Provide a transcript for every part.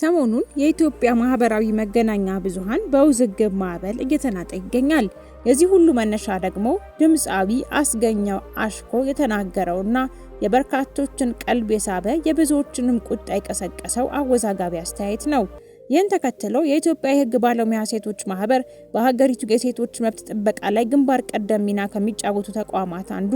ሰሞኑን የኢትዮጵያ ማህበራዊ መገናኛ ብዙሃን በውዝግብ ማዕበል እየተናጠ ይገኛል። የዚህ ሁሉ መነሻ ደግሞ ድምፃዊ አስገኘው አሽኮ የተናገረውና የበርካቶችን ቀልብ የሳበ የብዙዎችንም ቁጣ የቀሰቀሰው አወዛጋቢ አስተያየት ነው። ይህን ተከትሎ የኢትዮጵያ የህግ ባለሙያ ሴቶች ማህበር በሀገሪቱ የሴቶች መብት ጥበቃ ላይ ግንባር ቀደም ሚና ከሚጫወቱ ተቋማት አንዱ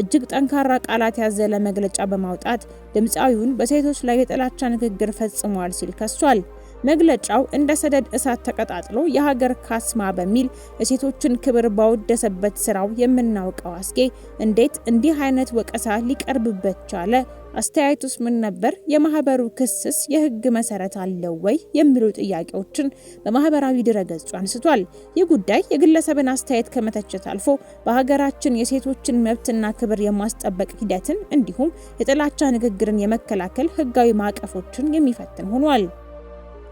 እጅግ ጠንካራ ቃላት ያዘለ መግለጫ በማውጣት ድምፃዊውን በሴቶች ላይ የጥላቻ ንግግር ፈጽሟል ሲል ከሷል። መግለጫው እንደ ሰደድ እሳት ተቀጣጥሎ የሀገር ካስማ በሚል የሴቶችን ክብር ባወደሰበት ስራው የምናውቀው አስጌ እንዴት እንዲህ አይነት ወቀሳ ሊቀርብበት ቻለ? አስተያየቱስ ምን ነበር? የማህበሩ ክስስ የህግ መሰረት አለው ወይ? የሚሉ ጥያቄዎችን በማህበራዊ ድረገጹ አንስቷል። ይህ ጉዳይ የግለሰብን አስተያየት ከመተቸት አልፎ በሀገራችን የሴቶችን መብትና ክብር የማስጠበቅ ሂደትን እንዲሁም የጥላቻ ንግግርን የመከላከል ህጋዊ ማዕቀፎችን የሚፈትን ሆኗል።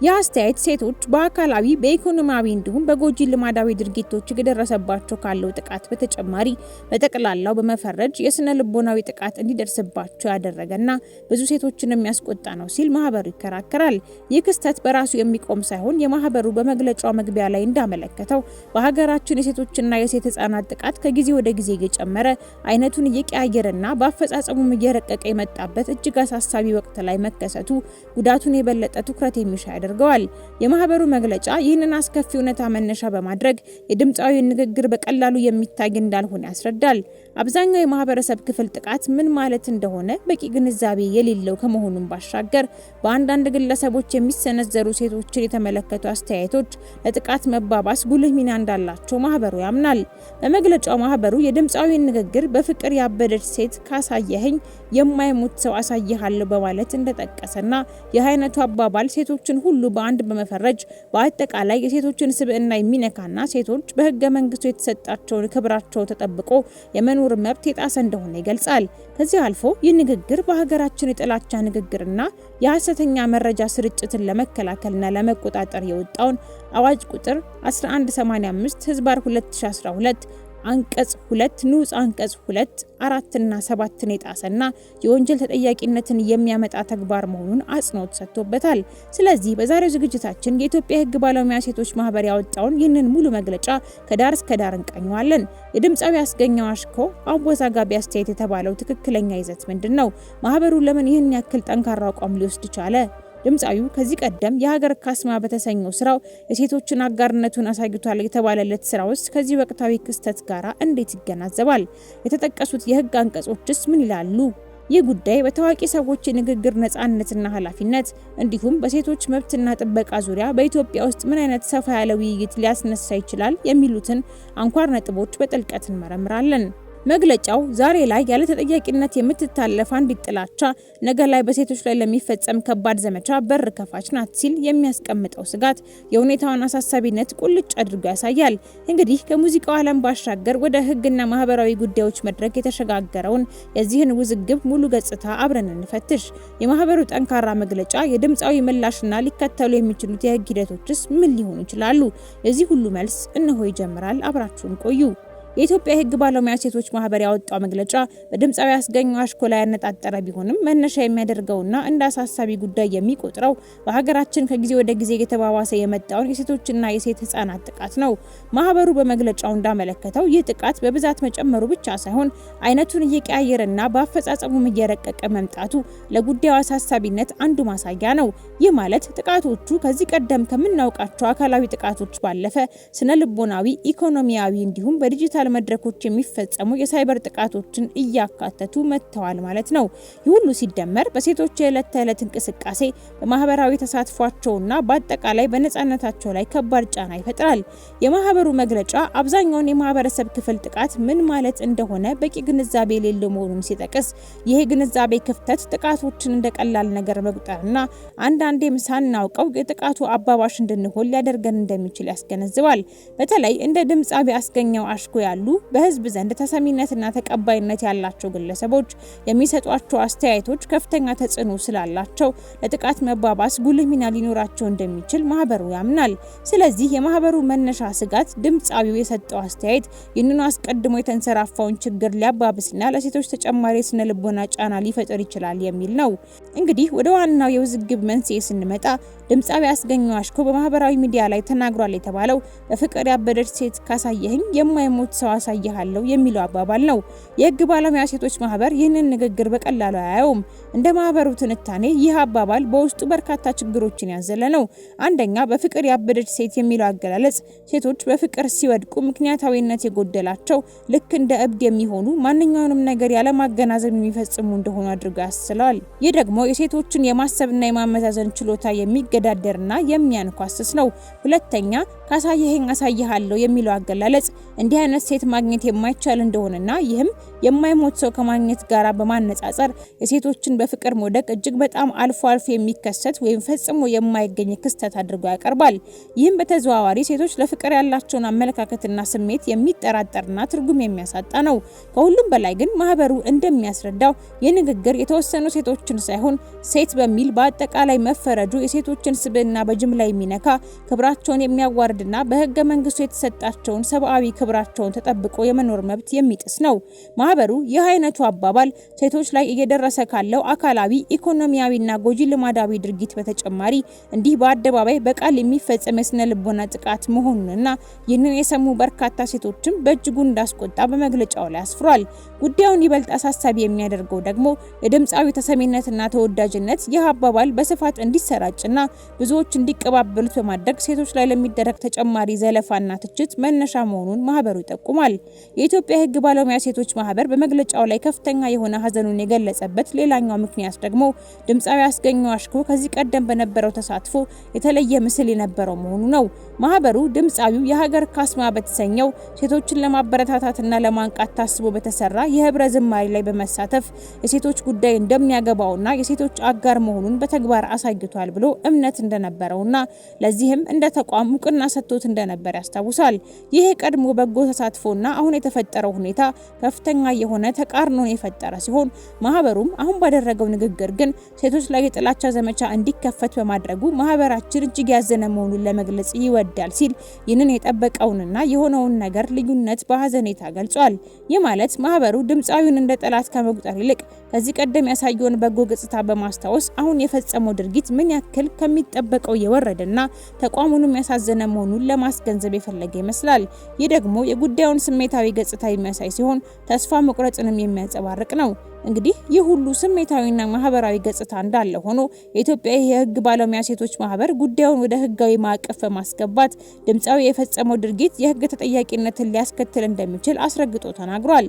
ይህ አስተያየት ሴቶች በአካላዊ በኢኮኖሚያዊ እንዲሁም በጎጂ ልማዳዊ ድርጊቶች እየደረሰባቸው ካለው ጥቃት በተጨማሪ በጠቅላላው በመፈረጅ የስነ ልቦናዊ ጥቃት እንዲደርስባቸው ያደረገና ብዙ ሴቶችን የሚያስቆጣ ነው ሲል ማህበሩ ይከራከራል። ይህ ክስተት በራሱ የሚቆም ሳይሆን የማህበሩ በመግለጫው መግቢያ ላይ እንዳመለከተው በሀገራችን የሴቶችና የሴት ህጻናት ጥቃት ከጊዜ ወደ ጊዜ እየጨመረ አይነቱን እየቀያየረና በአፈጻጸሙም እየረቀቀ የመጣበት እጅግ አሳሳቢ ወቅት ላይ መከሰቱ ጉዳቱን የበለጠ ትኩረት የሚሻ አድርገዋል። የማህበሩ መግለጫ ይህንን አስከፊ እውነታ መነሻ በማድረግ የድምፃዊ ንግግር በቀላሉ የሚታይ እንዳልሆነ ያስረዳል። አብዛኛው የማህበረሰብ ክፍል ጥቃት ምን ማለት እንደሆነ በቂ ግንዛቤ የሌለው ከመሆኑም ባሻገር በአንዳንድ ግለሰቦች የሚሰነዘሩ ሴቶችን የተመለከቱ አስተያየቶች ለጥቃት መባባስ ጉልህ ሚና እንዳላቸው ማህበሩ ያምናል። በመግለጫው ማህበሩ የድምፃዊ ንግግር በፍቅር ያበደች ሴት ካሳየኸኝ የማይሞት ሰው አሳይሃለሁ በማለት እንደጠቀሰና የአይነቱ አባባል ሴቶችን ሁሉ ሁሉ በአንድ በመፈረጅ በአጠቃላይ የሴቶችን ስብዕና የሚነካና ሴቶች በህገ መንግስቱ የተሰጣቸውን ክብራቸው ተጠብቆ የመኖር መብት የጣሰ እንደሆነ ይገልጻል። ከዚህ አልፎ ይህ ንግግር በሀገራችን የጥላቻ ንግግርና የሐሰተኛ መረጃ ስርጭትን ለመከላከልና ለመቆጣጠር የወጣውን አዋጅ ቁጥር 1185 ህዝባር 2012 አንቀጽ ሁለት ንዑስ አንቀጽ ሁለት አራትና ሰባትን የጣሰና የወንጀል ተጠያቂነትን የሚያመጣ ተግባር መሆኑን አጽንኦት ሰጥቶበታል። ስለዚህ በዛሬው ዝግጅታችን የኢትዮጵያ ሕግ ባለሙያ ሴቶች ማህበር ያወጣውን ይህንን ሙሉ መግለጫ ከዳር እስከ ዳር እንቃኘዋለን። የድምፃዊ አስገኘው አሽኮ አወዛጋቢ አስተያየት የተባለው ትክክለኛ ይዘት ምንድን ነው? ማህበሩ ለምን ይህን ያክል ጠንካራ አቋም ሊወስድ ቻለ? ድምፃዊው ከዚህ ቀደም የሀገር ካስማ በተሰኘው ስራው የሴቶችን አጋርነቱን አሳይቷል የተባለለት ስራ ውስጥ ከዚህ ወቅታዊ ክስተት ጋራ እንዴት ይገናዘባል? የተጠቀሱት የህግ አንቀጾችስ ምን ይላሉ? ይህ ጉዳይ በታዋቂ ሰዎች የንግግር ነፃነትና ኃላፊነት እንዲሁም በሴቶች መብትና ጥበቃ ዙሪያ በኢትዮጵያ ውስጥ ምን አይነት ሰፋ ያለ ውይይት ሊያስነሳ ይችላል የሚሉትን አንኳር ነጥቦች በጥልቀት እንመረምራለን። መግለጫው ዛሬ ላይ ያለ ተጠያቂነት የምትታለፍ አንዲት ጥላቻ ነገ ላይ በሴቶች ላይ ለሚፈጸም ከባድ ዘመቻ በር ከፋች ናት ሲል የሚያስቀምጠው ስጋት የሁኔታውን አሳሳቢነት ቁልጭ አድርጎ ያሳያል። እንግዲህ ከሙዚቃው ዓለም ባሻገር ወደ ሕግና ማህበራዊ ጉዳዮች መድረክ የተሸጋገረውን የዚህን ውዝግብ ሙሉ ገጽታ አብረን እንፈትሽ። የማህበሩ ጠንካራ መግለጫ፣ የድምፃዊ ምላሽና ሊከተሉ የሚችሉት የህግ ሂደቶችስ ምን ሊሆኑ ይችላሉ? የዚህ ሁሉ መልስ እነሆ ይጀምራል። አብራችሁን ቆዩ። የኢትዮጵያ የህግ ባለሙያ ሴቶች ማህበር ያወጣው መግለጫ በድምፃዊ አስገኘው አሽኮ ላይ ያነጣጠረ ቢሆንም መነሻ የሚያደርገውና እንደ አሳሳቢ ጉዳይ የሚቆጥረው በሀገራችን ከጊዜ ወደ ጊዜ እየተባባሰ የመጣውን የሴቶችና የሴት ህጻናት ጥቃት ነው። ማህበሩ በመግለጫው እንዳመለከተው ይህ ጥቃት በብዛት መጨመሩ ብቻ ሳይሆን አይነቱን እየቀያየረና በአፈጻጸሙም እየረቀቀ መምጣቱ ለጉዳዩ አሳሳቢነት አንዱ ማሳያ ነው። ይህ ማለት ጥቃቶቹ ከዚህ ቀደም ከምናውቃቸው አካላዊ ጥቃቶች ባለፈ ስነ ልቦናዊ፣ ኢኮኖሚያዊ እንዲሁም በዲጂታል በዲጂታል መድረኮች የሚፈጸሙ የሳይበር ጥቃቶችን እያካተቱ መጥተዋል ማለት ነው። ይህ ሁሉ ሲደመር በሴቶች የዕለት ተዕለት እንቅስቃሴ፣ በማህበራዊ ተሳትፏቸውና በአጠቃላይ በነፃነታቸው ላይ ከባድ ጫና ይፈጥራል። የማህበሩ መግለጫ አብዛኛውን የማህበረሰብ ክፍል ጥቃት ምን ማለት እንደሆነ በቂ ግንዛቤ የሌለው መሆኑን ሲጠቅስ ይህ ግንዛቤ ክፍተት ጥቃቶችን እንደ ቀላል ነገር መቁጠርና አንዳንዴም ሳናውቀው የጥቃቱ አባባሽ እንድንሆን ሊያደርገን እንደሚችል ያስገነዝባል። በተለይ እንደ ድምጻቢ አስገኘው አሽኮ ያሉ በህዝብ ዘንድ ተሰሚነትና ተቀባይነት ያላቸው ግለሰቦች የሚሰጧቸው አስተያየቶች ከፍተኛ ተጽዕኖ ስላላቸው ለጥቃት መባባስ ጉልህ ሚና ሊኖራቸው እንደሚችል ማህበሩ ያምናል። ስለዚህ የማህበሩ መነሻ ስጋት ድምፃዊው የሰጠው አስተያየት ይህንኑ አስቀድሞ የተንሰራፋውን ችግር ሊያባብስና ለሴቶች ተጨማሪ የስነ ልቦና ጫና ሊፈጥር ይችላል የሚል ነው። እንግዲህ ወደ ዋናው የውዝግብ መንስኤ ስንመጣ ድምፃዊ አስገኘ አሽኮ በማህበራዊ ሚዲያ ላይ ተናግሯል የተባለው በፍቅር ያበደች ሴት ካሳየህኝ የማይሞት ሰው ሰው አሳይሃለሁ የሚለው አባባል ነው። የህግ ባለሙያ ሴቶች ማህበር ይህንን ንግግር በቀላሉ አያየውም። እንደ ማህበሩ ትንታኔ ይህ አባባል በውስጡ በርካታ ችግሮችን ያዘለ ነው። አንደኛ፣ በፍቅር ያበደች ሴት የሚለው አገላለጽ ሴቶች በፍቅር ሲወድቁ ምክንያታዊነት የጎደላቸው ልክ እንደ እብድ የሚሆኑ ማንኛውንም ነገር ያለማገናዘብ የሚፈጽሙ እንደሆኑ አድርጎ ያስለዋል። ይህ ደግሞ የሴቶችን የማሰብና የማመዛዘን ችሎታ የሚገዳደርና የሚያንኳስስ ነው። ሁለተኛ ካሳየኸኝ አሳይሃለሁ የሚለው አገላለጽ እንዲህ አይነት ሴት ማግኘት የማይቻል እንደሆነና ይህም የማይሞት ሰው ከማግኘት ጋር በማነጻጸር የሴቶችን በፍቅር መውደቅ እጅግ በጣም አልፎ አልፎ የሚከሰት ወይም ፈጽሞ የማይገኝ ክስተት አድርጎ ያቀርባል። ይህም በተዘዋዋሪ ሴቶች ለፍቅር ያላቸውን አመለካከትና ስሜት የሚጠራጠርና ትርጉም የሚያሳጣ ነው። ከሁሉም በላይ ግን ማህበሩ እንደሚያስረዳው የንግግር ንግግር የተወሰኑ ሴቶችን ሳይሆን ሴት በሚል በአጠቃላይ መፈረጁ የሴቶችን ስብዕና በጅምላ የሚነካ ክብራቸውን የሚያዋርድ ፍርድና በህገ መንግስቱ የተሰጣቸውን ሰብአዊ ክብራቸውን ተጠብቆ የመኖር መብት የሚጥስ ነው። ማህበሩ ይህ አይነቱ አባባል ሴቶች ላይ እየደረሰ ካለው አካላዊ፣ ኢኮኖሚያዊና ጎጂ ልማዳዊ ድርጊት በተጨማሪ እንዲህ በአደባባይ በቃል የሚፈጸም የስነ ልቦና ጥቃት መሆኑንና ይህንን የሰሙ በርካታ ሴቶችም በእጅጉ እንዳስቆጣ በመግለጫው ላይ አስፍሯል። ጉዳዩን ይበልጥ አሳሳቢ የሚያደርገው ደግሞ የድምፃዊ ተሰሚነትና ተወዳጅነት ይህ አባባል በስፋት እንዲሰራጭና ብዙዎች እንዲቀባበሉት በማድረግ ሴቶች ላይ ለሚደረግ ተጨማሪ ዘለፋና ትችት መነሻ መሆኑን ማህበሩ ይጠቁማል። የኢትዮጵያ ሕግ ባለሙያ ሴቶች ማህበር በመግለጫው ላይ ከፍተኛ የሆነ ሀዘኑን የገለጸበት ሌላኛው ምክንያት ደግሞ ድምፃዊ አስገኘው አሽኮ ከዚህ ቀደም በነበረው ተሳትፎ የተለየ ምስል የነበረው መሆኑ ነው። ማህበሩ ድምፃዊው የሀገር ካስማ በተሰኘው ሴቶችን ለማበረታታትና ለማንቃት ታስቦ በተሰራ የህብረ ዝማሬ ላይ በመሳተፍ የሴቶች ጉዳይ እንደሚያገባውና የሴቶች አጋር መሆኑን በተግባር አሳይቷል ብሎ እምነት እንደነበረውና ለዚህም እንደ ተቋም እውቅና ተሰጥቶት እንደነበር ያስታውሳል። ይህ የቀድሞ በጎ ተሳትፎና አሁን የተፈጠረው ሁኔታ ከፍተኛ የሆነ ተቃርኖን የፈጠረ ሲሆን ማህበሩም አሁን ባደረገው ንግግር ግን ሴቶች ላይ የጥላቻ ዘመቻ እንዲከፈት በማድረጉ ማህበራችን እጅግ ያዘነ መሆኑን ለመግለጽ ይወዳል ሲል ይህንን የጠበቀውንና የሆነውን ነገር ልዩነት በሀዘኔታ ገልጿል። ይህ ማለት ማህበሩ ድምፃዊውን እንደ ጠላት ከመቁጠር ይልቅ ከዚህ ቀደም ያሳየውን በጎ ገጽታ በማስታወስ አሁን የፈጸመው ድርጊት ምን ያክል ከሚጠበቀው የወረደና ተቋሙንም ያሳዘነ መሆኑ መሆኑን ለማስገንዘብ የፈለገ ይመስላል። ይህ ደግሞ የጉዳዩን ስሜታዊ ገጽታ የሚያሳይ ሲሆን ተስፋ መቁረጥንም የሚያንጸባርቅ ነው። እንግዲህ ይህ ሁሉ ስሜታዊና ማህበራዊ ገጽታ እንዳለ ሆኖ የኢትዮጵያ የህግ ባለሙያ ሴቶች ማህበር ጉዳዩን ወደ ህጋዊ ማዕቀፍ በማስገባት ድምፃዊ የፈጸመው ድርጊት የህግ ተጠያቂነትን ሊያስከትል እንደሚችል አስረግጦ ተናግሯል።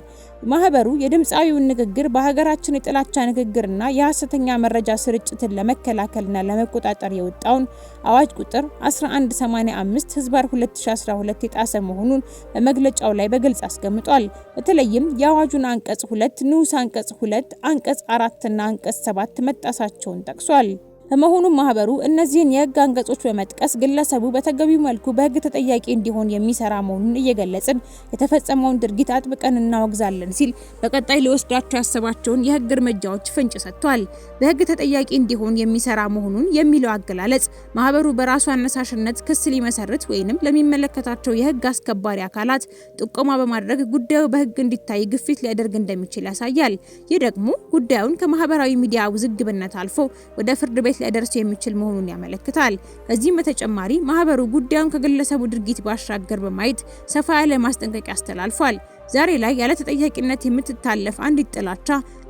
ማህበሩ የድምፃዊውን ንግግር በሀገራችን የጥላቻ ንግግርና የሀሰተኛ መረጃ ስርጭትን ለመከላከልና ለመቆጣጠር የወጣውን አዋጅ ቁጥር 1185 ህዝባር 2012 የጣሰ መሆኑን በመግለጫው ላይ በግልጽ አስቀምጧል። በተለይም የአዋጁን አንቀጽ 2 ንዑስ አንቀጽ 2 አንቀጽ 4ና አንቀጽ ሰባት መጣሳቸውን ጠቅሷል። በመሆኑም ማህበሩ እነዚህን የህግ አንቀጾች በመጥቀስ ግለሰቡ በተገቢው መልኩ በህግ ተጠያቂ እንዲሆን የሚሰራ መሆኑን እየገለጽን የተፈጸመውን ድርጊት አጥብቀን እናወግዛለን ሲል በቀጣይ ሊወስዳቸው ያሰባቸውን የህግ እርምጃዎች ፍንጭ ሰጥቷል። በህግ ተጠያቂ እንዲሆን የሚሰራ መሆኑን የሚለው አገላለጽ ማህበሩ በራሱ አነሳሽነት ክስ ሊመሰርት ወይንም ለሚመለከታቸው የህግ አስከባሪ አካላት ጥቆማ በማድረግ ጉዳዩ በህግ እንዲታይ ግፊት ሊያደርግ እንደሚችል ያሳያል። ይህ ደግሞ ጉዳዩን ከማህበራዊ ሚዲያ ውዝግብነት አልፎ ወደ ፍርድ ቤት ሊያደርስ የሚችል መሆኑን ያመለክታል። ከዚህም በተጨማሪ ማህበሩ ጉዳዩን ከግለሰቡ ድርጊት ባሻገር በማየት ሰፋ ያለ ማስጠንቀቂያ አስተላልፏል። ዛሬ ላይ ያለ ተጠያቂነት የምትታለፍ አንዲት ጥላቻ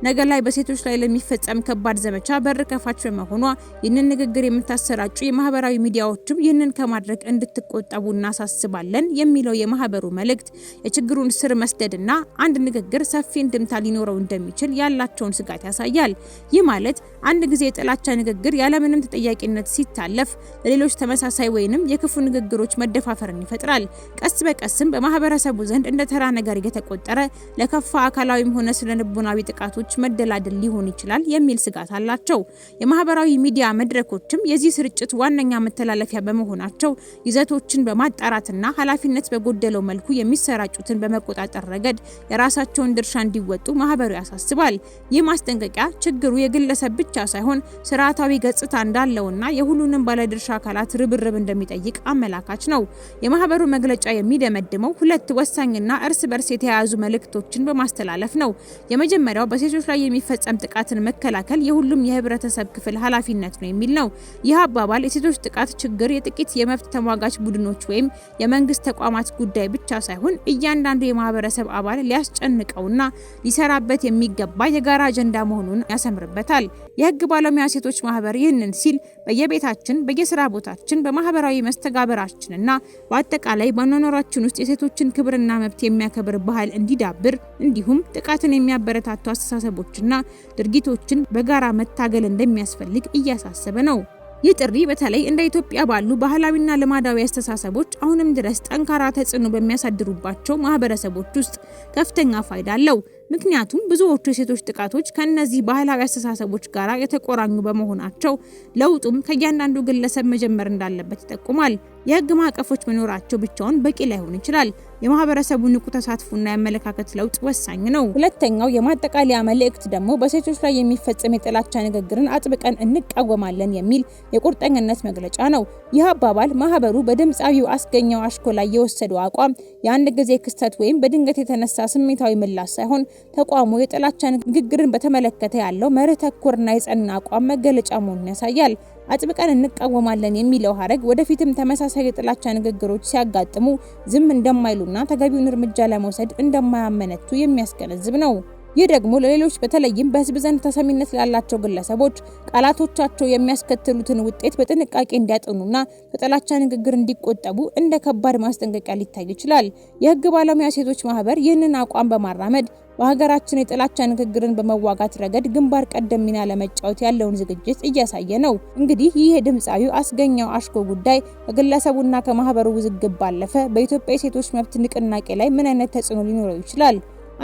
ነገ ላይ በሴቶች ላይ ለሚፈጸም ከባድ ዘመቻ በር ከፋች በመሆኗ ይህንን ንግግር የምታሰራጩ የማህበራዊ ሚዲያዎችም ይህንን ከማድረግ እንድትቆጠቡ እናሳስባለን የሚለው የማህበሩ መልእክት የችግሩን ስር መስደድና አንድ ንግግር ሰፊ እንድምታ ሊኖረው እንደሚችል ያላቸውን ስጋት ያሳያል። ይህ ማለት አንድ ጊዜ የጥላቻ ንግግር ያለምንም ተጠያቂነት ሲታለፍ ለሌሎች ተመሳሳይ ወይንም የክፉ ንግግሮች መደፋፈርን ይፈጥራል። ቀስ በቀስም በማህበረሰቡ ዘንድ እንደ ተራ ነገር የተቆጠረ ለከፋ አካላዊም ሆነ ስነ ልቦናዊ ጥቃቶች መደላደል ሊሆን ይችላል የሚል ስጋት አላቸው። የማህበራዊ ሚዲያ መድረኮችም የዚህ ስርጭት ዋነኛ መተላለፊያ በመሆናቸው ይዘቶችን በማጣራትና ኃላፊነት በጎደለው መልኩ የሚሰራጩትን በመቆጣጠር ረገድ የራሳቸውን ድርሻ እንዲወጡ ማህበሩ ያሳስባል። ይህ ማስጠንቀቂያ ችግሩ የግለሰብ ብቻ ሳይሆን ስርዓታዊ ገጽታ እንዳለውና የሁሉንም ባለድርሻ አካላት ርብርብ እንደሚጠይቅ አመላካች ነው። የማህበሩ መግለጫ የሚደመድመው ሁለት ወሳኝና እርስ በርስ የተያያዙ መልእክቶችን በማስተላለፍ ነው። የመጀመሪያው በሴቶች ላይ የሚፈጸም ጥቃትን መከላከል የሁሉም የህብረተሰብ ክፍል ኃላፊነት ነው የሚል ነው። ይህ አባባል የሴቶች ጥቃት ችግር የጥቂት የመብት ተሟጋች ቡድኖች ወይም የመንግስት ተቋማት ጉዳይ ብቻ ሳይሆን እያንዳንዱ የማህበረሰብ አባል ሊያስጨንቀውና ሊሰራበት የሚገባ የጋራ አጀንዳ መሆኑን ያሰምርበታል። የህግ ባለሙያ ሴቶች ማህበር ይህንን ሲል በየቤታችን፣ በየስራ ቦታችን፣ በማህበራዊ መስተጋበራችንና በአጠቃላይ በአኗኗራችን ውስጥ የሴቶችን ክብርና መብት የሚያከብር ባህል እንዲዳብር እንዲሁም ጥቃትን የሚያበረታቱ አስተሳሰቦችና ድርጊቶችን በጋራ መታገል እንደሚያስፈልግ እያሳሰበ ነው። ይህ ጥሪ በተለይ እንደ ኢትዮጵያ ባሉ ባህላዊና ልማዳዊ አስተሳሰቦች አሁንም ድረስ ጠንካራ ተጽዕኖ በሚያሳድሩባቸው ማህበረሰቦች ውስጥ ከፍተኛ ፋይዳ አለው። ምክንያቱም ብዙዎቹ የሴቶች ጥቃቶች ከእነዚህ ባህላዊ አስተሳሰቦች ጋር የተቆራኙ በመሆናቸው ለውጡም ከእያንዳንዱ ግለሰብ መጀመር እንዳለበት ይጠቁማል። የህግ ማዕቀፎች መኖራቸው ብቻውን በቂ ላይሆን ይችላል። የማህበረሰቡ ንቁ ተሳትፎና የአመለካከት ለውጥ ወሳኝ ነው። ሁለተኛው የማጠቃለያ መልእክት ደግሞ በሴቶች ላይ የሚፈጸም የጥላቻ ንግግርን አጥብቀን እንቃወማለን የሚል የቁርጠኝነት መግለጫ ነው። ይህ አባባል ማህበሩ በድምፃዊው አስገኘው አሽኮ ላይ የወሰደው አቋም የአንድ ጊዜ ክስተት ወይም በድንገት የተነሳ ስሜታዊ ምላሽ ሳይሆን ተቋሙ የጥላቻ ንግግርን በተመለከተ ያለው መርህ ተኮርና የጸና አቋም መገለጫ መሆኑን ያሳያል። አጥብቀን እንቃወማለን የሚለው ሀረግ ወደፊትም ተመሳሳይ የጥላቻ ንግግሮች ሲያጋጥሙ ዝም እንደማይሉና ተገቢውን እርምጃ ለመውሰድ እንደማያመነቱ የሚያስገነዝብ ነው። ይህ ደግሞ ለሌሎች በተለይም በህዝብ ዘንድ ተሰሚነት ላላቸው ግለሰቦች ቃላቶቻቸው የሚያስከትሉትን ውጤት በጥንቃቄ እንዲያጠኑና በጥላቻ ንግግር እንዲቆጠቡ እንደ ከባድ ማስጠንቀቂያ ሊታይ ይችላል። የህግ ባለሙያ ሴቶች ማህበር ይህንን አቋም በማራመድ በሀገራችን የጥላቻ ንግግርን በመዋጋት ረገድ ግንባር ቀደም ሚና ለመጫወት ያለውን ዝግጅት እያሳየ ነው። እንግዲህ ይህ የድምፃዊ አስገኛው አሽኮ ጉዳይ ከግለሰቡና ከማህበሩ ውዝግብ ባለፈ በኢትዮጵያ የሴቶች መብት ንቅናቄ ላይ ምን አይነት ተጽዕኖ ሊኖረው ይችላል?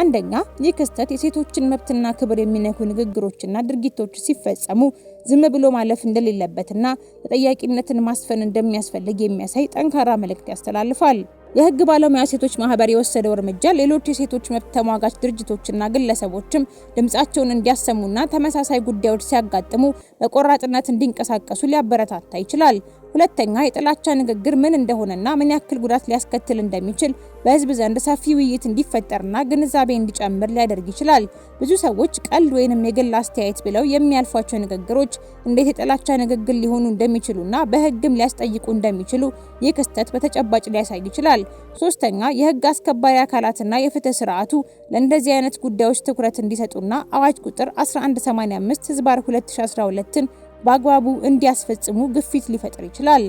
አንደኛ ይህ ክስተት የሴቶችን መብትና ክብር የሚነኩ ንግግሮችና ድርጊቶች ሲፈጸሙ ዝም ብሎ ማለፍ እንደሌለበትና ተጠያቂነትን ማስፈን እንደሚያስፈልግ የሚያሳይ ጠንካራ መልእክት ያስተላልፋል። የህግ ባለሙያ ሴቶች ማህበር የወሰደው እርምጃ ሌሎች የሴቶች መብት ተሟጋች ድርጅቶችና ግለሰቦችም ድምጻቸውን እንዲያሰሙና ተመሳሳይ ጉዳዮች ሲያጋጥሙ በቆራጥነት እንዲንቀሳቀሱ ሊያበረታታ ይችላል። ሁለተኛ የጥላቻ ንግግር ምን እንደሆነና ምን ያክል ጉዳት ሊያስከትል እንደሚችል በህዝብ ዘንድ ሰፊ ውይይት እንዲፈጠርና ግንዛቤ እንዲጨምር ሊያደርግ ይችላል። ብዙ ሰዎች ቀልድ ወይንም የግል አስተያየት ብለው የሚያልፏቸው ንግግሮች እንዴት የጥላቻ ንግግር ሊሆኑ እንደሚችሉና በህግም ሊያስጠይቁ እንደሚችሉ ይህ ክስተት በተጨባጭ ሊያሳይ ይችላል። ሶስተኛ የህግ አስከባሪ አካላትና የፍትህ ስርዓቱ ለእንደዚህ አይነት ጉዳዮች ትኩረት እንዲሰጡና አዋጅ ቁጥር 1185 ህዝባር 2012ን በአግባቡ እንዲያስፈጽሙ ግፊት ሊፈጥር ይችላል።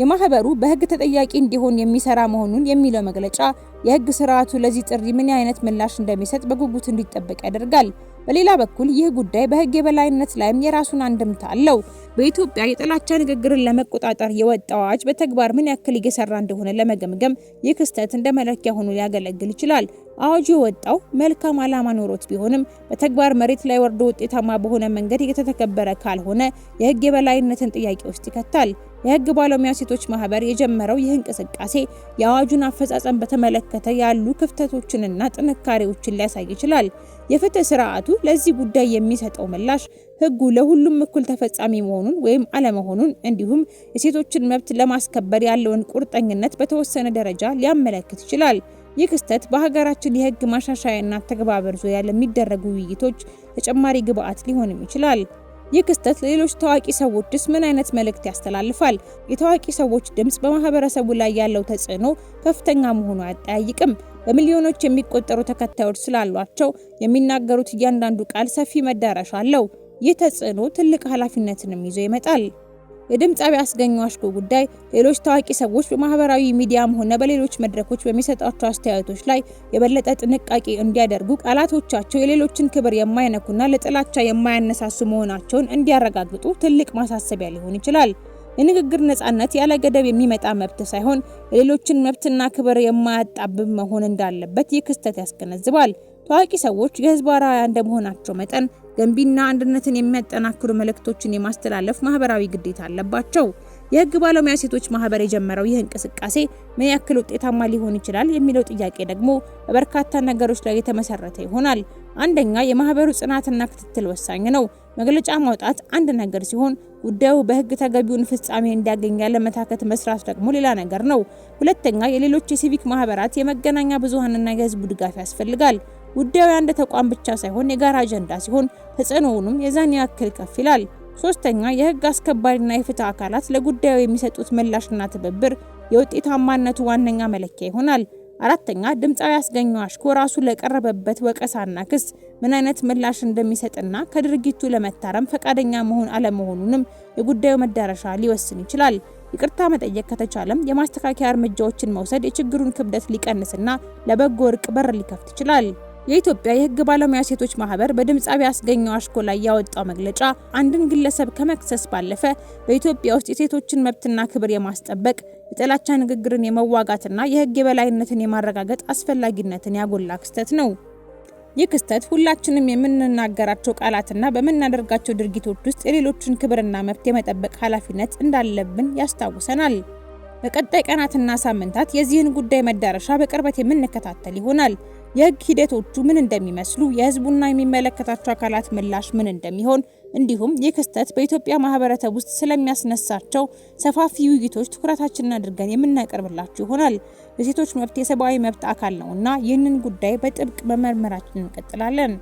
የማህበሩ በህግ ተጠያቂ እንዲሆን የሚሰራ መሆኑን የሚለው መግለጫ የህግ ስርዓቱ ለዚህ ጥሪ ምን አይነት ምላሽ እንደሚሰጥ በጉጉት እንዲጠበቅ ያደርጋል። በሌላ በኩል ይህ ጉዳይ በህግ የበላይነት ላይም የራሱን አንድምታ አለው። በኢትዮጵያ የጥላቻ ንግግርን ለመቆጣጠር የወጣው አዋጅ በተግባር ምን ያክል እየሰራ እንደሆነ ለመገምገም ይህ ክስተት እንደ መለኪያ ሆኖ ሊያገለግል ይችላል። አዋጁ የወጣው መልካም ዓላማ ኖሮት ቢሆንም በተግባር መሬት ላይ ወርዶ ውጤታማ በሆነ መንገድ እየተተከበረ ካልሆነ የህግ የበላይነትን ጥያቄ ውስጥ ይከታል። የህግ ባለሙያ ሴቶች ማህበር የጀመረው ይህ እንቅስቃሴ የአዋጁን አፈጻጸም በተመለከተ ያሉ ክፍተቶችንና ጥንካሬዎችን ሊያሳይ ይችላል። የፍትህ ስርዓቱ ለዚህ ጉዳይ የሚሰጠው ምላሽ ህጉ ለሁሉም እኩል ተፈጻሚ መሆኑን ወይም አለመሆኑን እንዲሁም የሴቶችን መብት ለማስከበር ያለውን ቁርጠኝነት በተወሰነ ደረጃ ሊያመለክት ይችላል። ይህ ክስተት በሀገራችን የህግ ማሻሻያና ተግባበር ዙሪያ ለሚደረጉ ውይይቶች ተጨማሪ ግብአት ሊሆንም ይችላል። ይህ ክስተት ለሌሎች ታዋቂ ሰዎችስ ምን አይነት መልእክት ያስተላልፋል? የታዋቂ ሰዎች ድምፅ በማህበረሰቡ ላይ ያለው ተጽዕኖ ከፍተኛ መሆኑ አያጠያይቅም። በሚሊዮኖች የሚቆጠሩ ተከታዮች ስላሏቸው የሚናገሩት እያንዳንዱ ቃል ሰፊ መዳረሻ አለው። ይህ ተጽዕኖ ትልቅ ኃላፊነትንም ይዞ ይመጣል። የድምፃዊ አስገኘው አሽኮ ጉዳይ ሌሎች ታዋቂ ሰዎች በማህበራዊ ሚዲያም ሆነ በሌሎች መድረኮች በሚሰጧቸው አስተያየቶች ላይ የበለጠ ጥንቃቄ እንዲያደርጉ፣ ቃላቶቻቸው የሌሎችን ክብር የማይነኩና ለጥላቻ የማያነሳሱ መሆናቸውን እንዲያረጋግጡ ትልቅ ማሳሰቢያ ሊሆን ይችላል። የንግግር ነጻነት ያለ ገደብ የሚመጣ መብት ሳይሆን የሌሎችን መብትና ክብር የማያጣብብ መሆን እንዳለበት ይህ ክስተት ያስገነዝባል። ታዋቂ ሰዎች የህዝብ አርአያ እንደመሆናቸው መጠን ገንቢና አንድነትን የሚያጠናክሩ መልእክቶችን የማስተላለፍ ማህበራዊ ግዴታ አለባቸው። የህግ ባለሙያ ሴቶች ማህበር የጀመረው ይህ እንቅስቃሴ ምን ያክል ውጤታማ ሊሆን ይችላል የሚለው ጥያቄ ደግሞ በበርካታ ነገሮች ላይ የተመሰረተ ይሆናል። አንደኛ የማህበሩ ጽናትና ክትትል ወሳኝ ነው። መግለጫ ማውጣት አንድ ነገር ሲሆን ጉዳዩ በህግ ተገቢውን ፍጻሜ እንዲያገኝ ያለመታከት መስራት ደግሞ ሌላ ነገር ነው። ሁለተኛ የሌሎች የሲቪክ ማህበራት የመገናኛ ብዙሀንና የህዝቡ ድጋፍ ያስፈልጋል። ጉዳዩ የአንድ ተቋም ብቻ ሳይሆን የጋራ አጀንዳ ሲሆን ተጽዕኖውንም የዛን ያክል ከፍ ይላል። ሶስተኛ የህግ አስከባሪና የፍትህ አካላት ለጉዳዩ የሚሰጡት ምላሽና ትብብር የውጤታማነቱ ዋነኛ መለኪያ ይሆናል። አራተኛ ድምፃዊ አስገኘው አሽኮ ራሱ ለቀረበበት ወቀሳና ክስ ምን አይነት ምላሽ እንደሚሰጥና ከድርጊቱ ለመታረም ፈቃደኛ መሆን አለመሆኑንም የጉዳዩ መዳረሻ ሊወስን ይችላል። ይቅርታ መጠየቅ ከተቻለም የማስተካከያ እርምጃዎችን መውሰድ የችግሩን ክብደት ሊቀንስና ለበጎ እርቅ በር ሊከፍት ይችላል። የኢትዮጵያ የህግ ባለሙያ ሴቶች ማህበር በድምፃዊ አስገኘው አሽኮ ላይ ያወጣው መግለጫ አንድን ግለሰብ ከመክሰስ ባለፈ በኢትዮጵያ ውስጥ የሴቶችን መብትና ክብር የማስጠበቅ የጥላቻ ንግግርን የመዋጋትና የህግ የበላይነትን የማረጋገጥ አስፈላጊነትን ያጎላ ክስተት ነው። ይህ ክስተት ሁላችንም የምንናገራቸው ቃላትና በምናደርጋቸው ድርጊቶች ውስጥ የሌሎችን ክብርና መብት የመጠበቅ ኃላፊነት እንዳለብን ያስታውሰናል። በቀጣይ ቀናትና ሳምንታት የዚህን ጉዳይ መዳረሻ በቅርበት የምንከታተል ይሆናል። የህግ ሂደቶቹ ምን እንደሚመስሉ፣ የህዝቡና የሚመለከታቸው አካላት ምላሽ ምን እንደሚሆን እንዲሁም ይህ ክስተት በኢትዮጵያ ማህበረሰብ ውስጥ ስለሚያስነሳቸው ሰፋፊ ውይይቶች ትኩረታችንን አድርገን የምናቀርብላችሁ ይሆናል። የሴቶች መብት የሰብአዊ መብት አካል ነውና ይህንን ጉዳይ በጥብቅ መመርመራችን እንቀጥላለን።